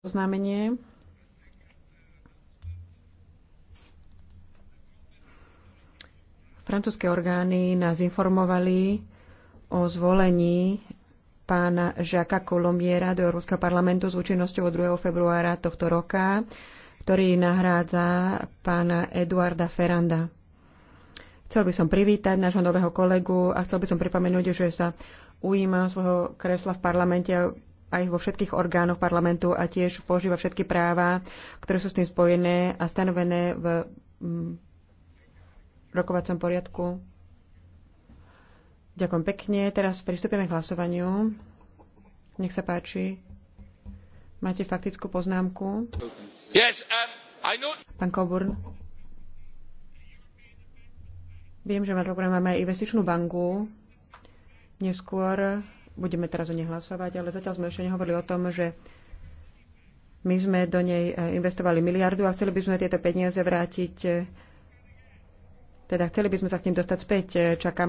oznámenie. Francúzske orgány nás informovali o zvolení pána Žaka Kolomiera do Európskeho parlamentu s účinnosťou od 2. februára tohto roka, ktorý nahrádza pána Eduarda Ferranda. Chcel by som privítať nášho nového kolegu a chcel by som pripomenúť, že sa ujíma svojho kresla v parlamente aj vo všetkých orgánoch parlamentu a tiež používa všetky práva, ktoré sú s tým spojené a stanovené v mm, rokovacom poriadku. Ďakujem pekne. Teraz pristúpime k hlasovaniu. Nech sa páči. Máte faktickú poznámku? Yes, um, I know... Pán Coburn. Viem, že máme aj máme investičnú banku. Neskôr Budeme teraz o nej hlasovať, ale zatiaľ sme ešte nehovorili o tom, že my sme do nej e, investovali miliardu a chceli by sme tieto peniaze vrátiť. E, teda chceli by sme sa k ním dostať späť. E, čakáme